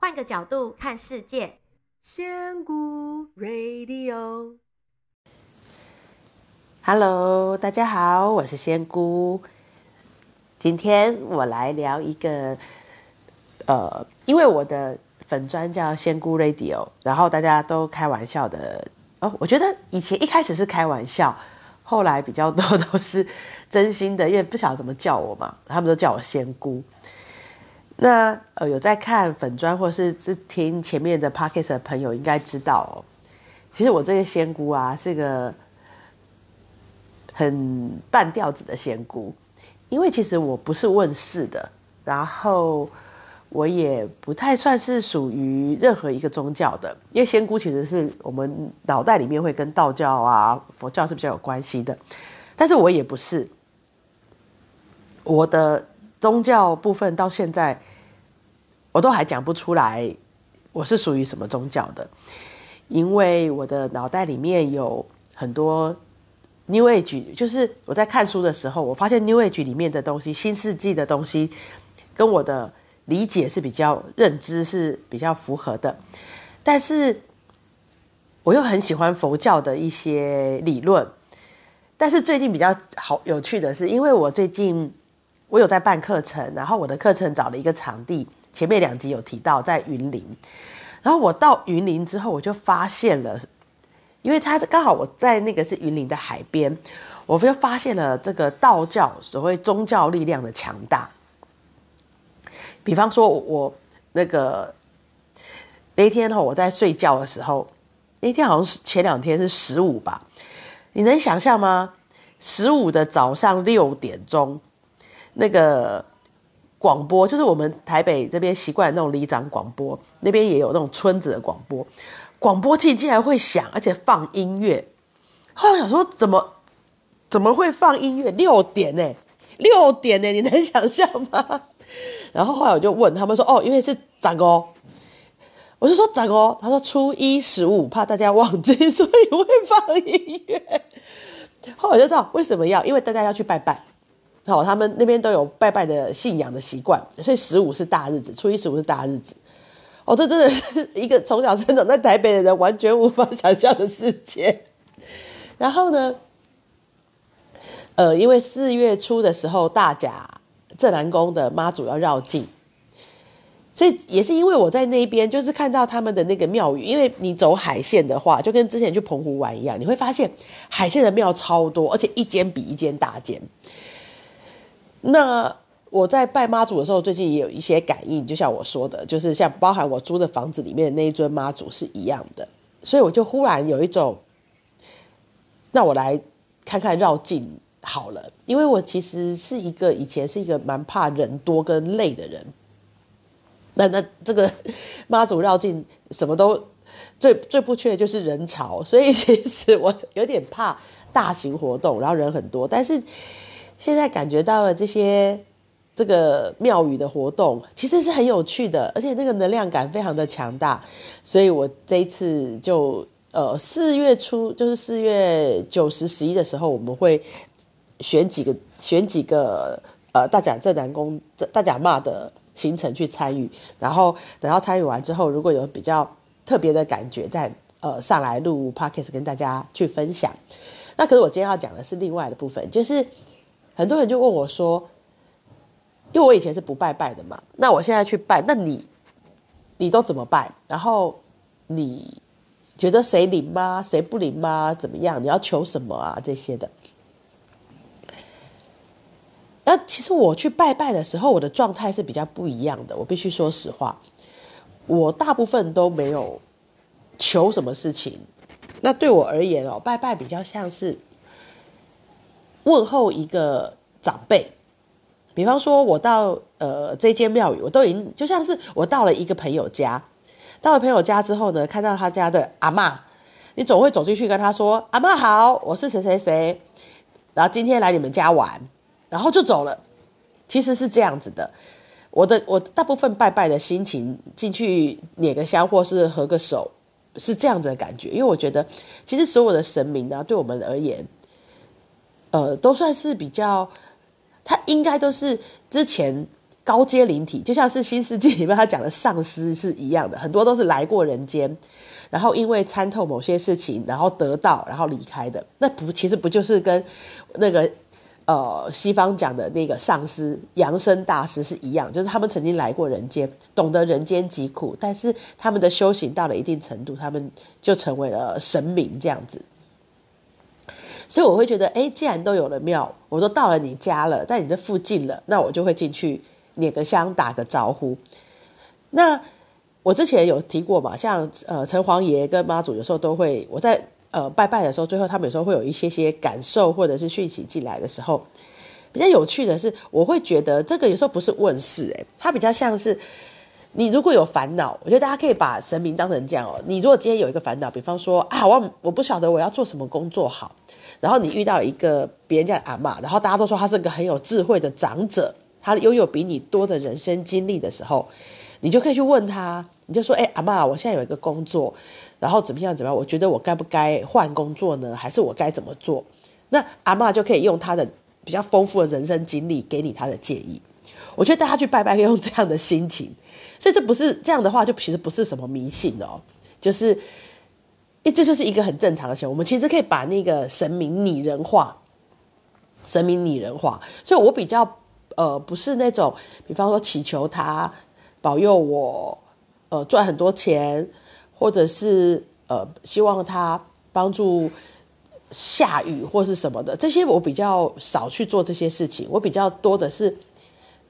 換個角度看世界，仙姑 Radio。Hello，大家好，我是仙姑。今天我來聊一個，呃，因為我的粉專叫仙姑 Radio，然後大家都開玩笑的哦。我覺得以前一開始是開玩笑，後來比較多都是真心的，因為不曉得怎麼叫我嘛，他們都叫我仙姑。那呃，有在看粉磚或是是聽前面的 podcast 的朋友，應該知道、哦，其實我這個仙姑啊，是個很半吊子的仙姑，因為其實我不是問世的，然後我也不太算是屬於任何一個宗教的，因為仙姑其實是我們腦袋裡面會跟道教啊、佛教是比較有關係的，但是我也不是，我的。宗教部分到現在，我都還講不出來，我是屬於什麼宗教的，因為我的腦袋裡面有很多 New Age，就是我在看書的時候，我發現 New Age 裡面的東西，新世紀的東西，跟我的理解是比較認知是比較符合的，但是我又很喜歡佛教的一些理論，但是最近比較好有趣的是，因為我最近。我有在辦課程，然後我的課程找了一個場地。前面兩集有提到在雲林，然後我到雲林之後，我就發現了，因為他剛好我在那個是雲林的海邊，我就發現了這個道教所謂宗教力量的強大。比方說我，我那個那天哈，我在睡覺的時候，那天好像是前兩天是十五吧？你能想象嗎？十五的早上六點鐘。那個廣播就是我們台北這邊習慣的那種里長廣播，那邊也有那種村子的廣播廣播器竟然會響，而且放音樂。後來想說怎麼怎麼會放音樂？六點呢？六點呢？你能想象嗎？然後後來我就問他們說：“哦，因為是長哦。”我就說：“長哦。”他說：“初一十五，15, 怕大家忘記，所以會放音樂。”後來我就知道為什麼要，因為大家要去拜拜。好，他們那邊都有拜拜的信仰的習慣，所以十五是大日子，初一十五是大日子。哦，這真的是一個從小生長在台北的人完全無法想象的世界。然後呢，呃，因為四月初的時候，大甲鎮瀾宮的媽祖要繞境，所以也是因為我在那邊，就是看到他們的那個廟宇，因為你走海線的話，就跟之前去澎湖玩一樣，你會發現海線的廟超多，而且一間比一間大間。那我在拜媽祖的時候，最近也有一些感應，就像我說的，就是像包含我租的房子裡面的那一尊媽祖是一樣的，所以我就忽然有一種，那我來看看繞境好了，因為我其實是一個以前是一個蠻怕人多跟累的人，那那這個媽祖繞境什麼都最最不缺的就是人潮，所以其實我有點怕大型活動，然後人很多，但是現在感覺到了這些這個廟宇的活動，其實是很有趣的，而且那個能量感非常的強大，所以我這一次就呃四月初，就是四月九十十一的時候，我們會選幾個選幾個呃大甲鎮瀾宮、大甲媽的行程去參與，然後等到參與完之後，如果有比較特別的感覺，再呃上來錄 Podcast 跟大家去分享。那可是我今天要講的是另外的部分，就是。很多人就問我說：“因為我以前是不拜拜的嘛，那我現在去拜，那你你都怎麼拜？然後你覺得誰靈嗎？誰不靈嗎？怎麼樣？你要求什麼啊？這些的。”那其實我去拜拜的時候，我的狀態是比較不一樣的。我必須說實話，我大部分都沒有求什麼事情。那對我而言哦，拜拜比較像是。問候一個長輩，比方說，我到呃這間廟宇，我都已經就像是我到了一個朋友家，到了朋友家之後呢，看到他家的阿嬤，你總會走進去跟他說：“阿嬤好，我是誰誰誰，然後今天來你們家玩，然後就走了。”其實是這樣子的。我的我大部分拜拜的心情，進去捻個香或是合個手，是這樣子的感覺。因為我覺得，其實所有的神明呢、啊，對我們而言。呃，都算是比較，他應該都是之前高階靈體，就像是《新世紀》裡面他講的上師是一樣的，很多都是來過人間，然後因為參透某些事情，然後得道，然後離開的。那不，其實不就是跟那個呃西方講的那個上師、揚升大師是一樣，就是他們曾經來過人間，懂得人間疾苦，但是他們的修行到了一定程度，他們就成為了神明這樣子。所以我會覺得，哎，既然都有了廟，我都到了你家了，在你這附近了，那我就會進去拈個香，打個招呼。那我之前有提過嘛，像呃城隍爺跟媽祖，有時候都會我在呃拜拜的時候，最後他們有時候會有一些些感受或者是訊息進來的時候，比較有趣的是，我會覺得這個有時候不是問事、欸，哎，它比較像是你如果有煩惱，我覺得大家可以把神明當成這樣哦。你如果今天有一個煩惱，比方說啊，我我不曉得我要做什麼工作好。然後你遇到一個別人家的阿嬤，然後大家都說她是一個很有智慧的長者，她擁有比你多的人生經歷的時候，你就可以去問他，你就說：“哎、欸，阿嬤，我現在有一個工作，然後怎麼樣怎麼樣？我覺得我該不該換工作呢？還是我該怎麼做？”那阿嬤就可以用她的比較豐富的人生經歷給你他的建議。我覺得大家去拜拜可以用這樣的心情，所以這不是這樣的話，就其實不是什麼迷信的哦，就是。這就是一個很正常的事情。我們其實可以把那個神明擬人化，神明擬人化。所以我比較呃，不是那種，比方說祈求他保佑我，呃，賺很多錢，或者是呃，希望他幫助下雨或是什麼的。這些我比較少去做這些事情，我比較多的是。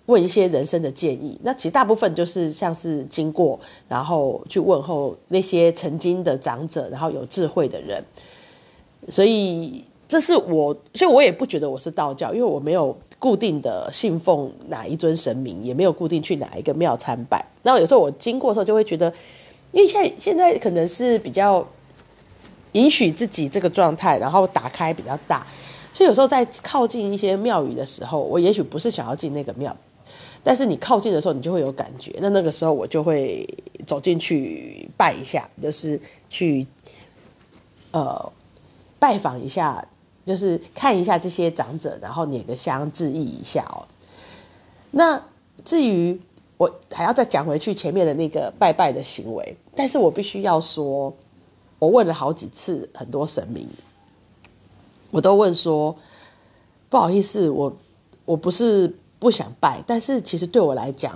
問一些人生的建議，那其實大部分就是像是經過，然後去問候那些曾經的長者，然後有智慧的人，所以這是我，所以我也不覺得我是道教，因為我沒有固定的信奉哪一尊神明，也沒有固定去哪一個廟參拜。那有時候我經過的時候，就會覺得，因為現在現在可能是比較允許自己這個狀態，然後打開比較大，所以有時候在靠近一些廟宇的時候，我也許不是想要進那個廟。但是你靠近的時候，你就會有感覺。那那個時候，我就會走進去拜一下，就是去、呃、拜訪一下，就是看一下這些長者，然後點個香致意一下哦。那至於我還要再講回去前面的那個拜拜的行為，但是我必須要說，我問了好幾次，很多神明，我都問說不好意思，我我不是。不想拜，但是其實對我來講，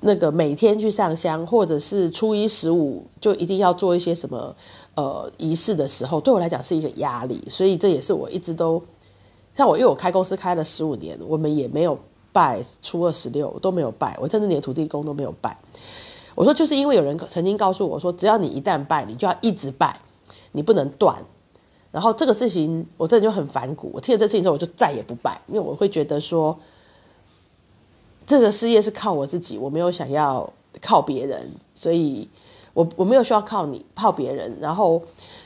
那個每天去上香，或者是初一十五就一定要做一些什麼呃儀式的時候，對我來講是一個壓力。所以這也是我一直都像我，因為我開公司開了十五年，我們也沒有拜初二十六，我都沒有拜，我甚至連土地公都沒有拜。我說就是因為有人曾經告訴我，我說，只要你一旦拜，你就要一直拜，你不能斷。然後這個事情我真的就很反骨。我聽了這事情之後，我就再也不拜，因為我會覺得說。這個事業是靠我自己，我沒有想要靠別人，所以我，我我沒有需要靠你靠別人，然後，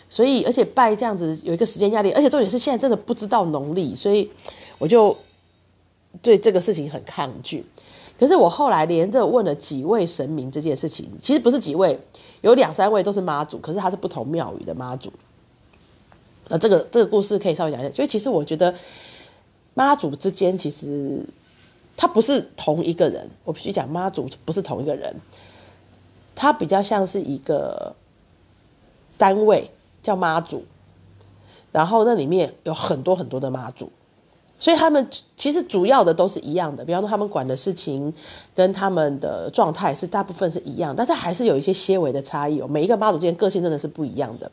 所以而且拜這樣子有一個時間壓力，而且重點是現在真的不知道農曆，所以我就對這個事情很抗拒。可是我後來連着問了幾位神明這件事情，其實不是幾位，有兩三位都是媽祖，可是他是不同廟宇的媽祖。那這個這個故事可以稍微講一下，所以其實我覺得媽祖之間其實。他不是同一個人，我必須講媽祖不是同一個人，他比較像是一個單位叫媽祖，然後那裡面有很多很多的媽祖，所以他們其實主要的都是一樣的，比方說他們管的事情跟他們的狀態是大部分是一樣，但是還是有一些些微的差異哦。每一個媽祖之間個性真的是不一樣的，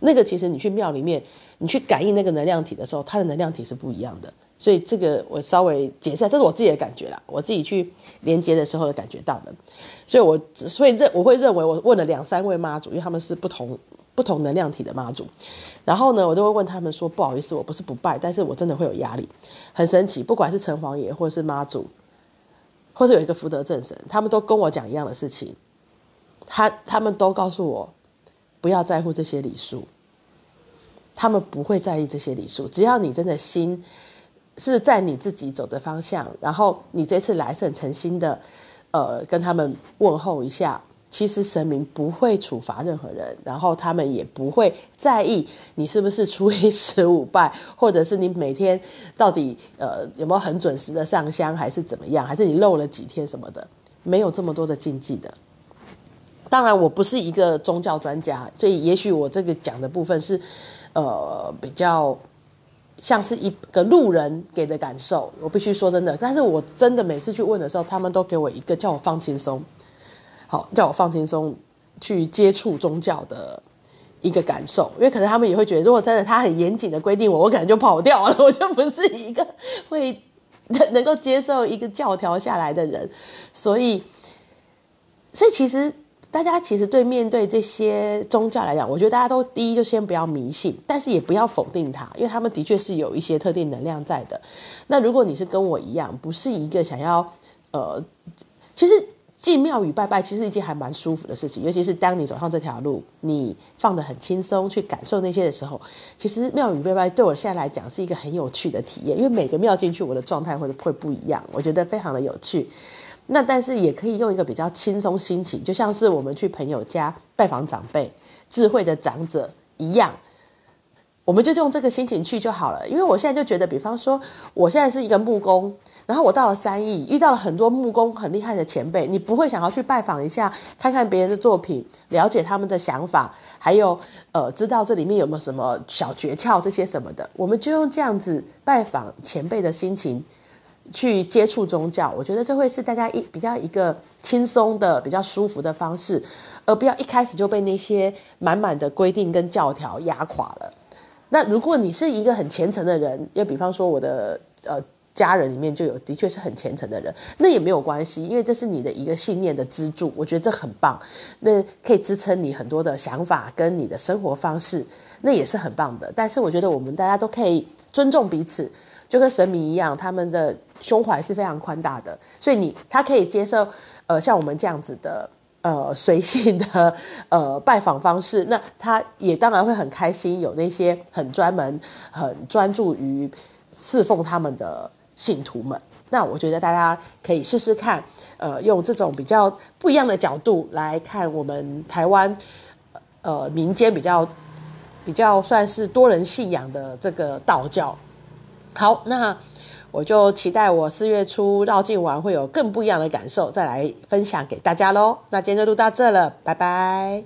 那個其實你去廟裡面，你去感應那個能量體的時候，它的能量體是不一樣的。所以這個我稍微解釋一下，這是我自己的感覺啦，我自己去連接的時候的感覺到的。所以我，我所以認我會認為，我問了兩三位媽祖，因為他們是不同不同能量體的媽祖。然後呢，我就會問他們說：“不好意思，我不是不拜，但是我真的會有壓力。”很神奇，不管是城隍爺，或是媽祖，或是有一個福德正神，他們都跟我講一樣的事情。他他們都告訴我，不要在乎這些禮數，他們不會在意這些禮數，只要你真的心。是在你自己走的方向，然後你這次來是很誠心的，呃，跟他們問候一下。其實神明不會處罰任何人，然後他們也不會在意你是不是初一十五拜，或者是你每天到底呃有沒有很準時的上香，還是怎麼樣，還是你漏了幾天什麼的，沒有這麼多的禁忌的。當然，我不是一個宗教專家，所以也許我這個講的部分是呃比較。像是一個路人給的感受，我必須說真的。但是我真的每次去問的時候，他們都給我一個叫我放輕鬆，好，叫我放輕鬆去接觸宗教的一個感受。因為可能他們也會覺得，如果真的他很嚴謹的規定我，我可能就跑掉了，我就不是一個會能夠接受一個教條下來的人。所以，所以其實。大家其實對面對這些宗教來講，我覺得大家都第一就先不要迷信，但是也不要否定它，因為他們的確是有一些特定能量在的。那如果你是跟我一樣，不是一個想要呃、其實進廟宇拜拜，其實一件還蠻舒服的事情。尤其是當你走上這條路，你放得很輕鬆去感受那些的時候，其實廟宇拜拜對我現在來講是一個很有趣的體驗，因為每個廟進去我的狀態或者會、會不一樣，我覺得非常的有趣。那但是也可以用一個比較輕鬆心情，就像是我們去朋友家拜訪長輩、智慧的長者一樣，我們就用這個心情去就好了。因為我現在就覺得，比方說我現在是一個木工，然後我到了三義，遇到了很多木工很厲害的前輩，你不會想要去拜訪一下，看看別人的作品，了解他們的想法，還有呃知道這裡面有沒有什麼小訣竅這些什麼的，我們就用這樣子拜訪前輩的心情去接觸宗教，我覺得這會是大家一比較一個輕鬆的、比較舒服的方式，而不要一開始就被那些滿滿的規定跟教條壓垮了。那如果你是一個很虔誠的人，又比方說我的呃家人裡面就有的確是很虔誠的人，那也沒有關係，因為這是你的一個信念的支柱，我覺得這很棒。那可以支撐你很多的想法跟你的生活方式，那也是很棒的。但是我覺得我們大家都可以尊重彼此。就跟神明一樣，他們的胸懷是非常寬大的，所以你他可以接受，呃，像我們這樣子的，呃，隨性的，呃，拜訪方式，那他也當然會很開心。有那些很專門、很專注於侍奉他們的信徒們，那我覺得大家可以試試看，呃，用這種比較不一樣的角度來看我們台灣，呃，民間比較比較算是多人信仰的這個道教。好，那我就期待我四月初繞境完會有更不一樣的感受，再來分享給大家嘍。那今天就錄到這了，拜拜。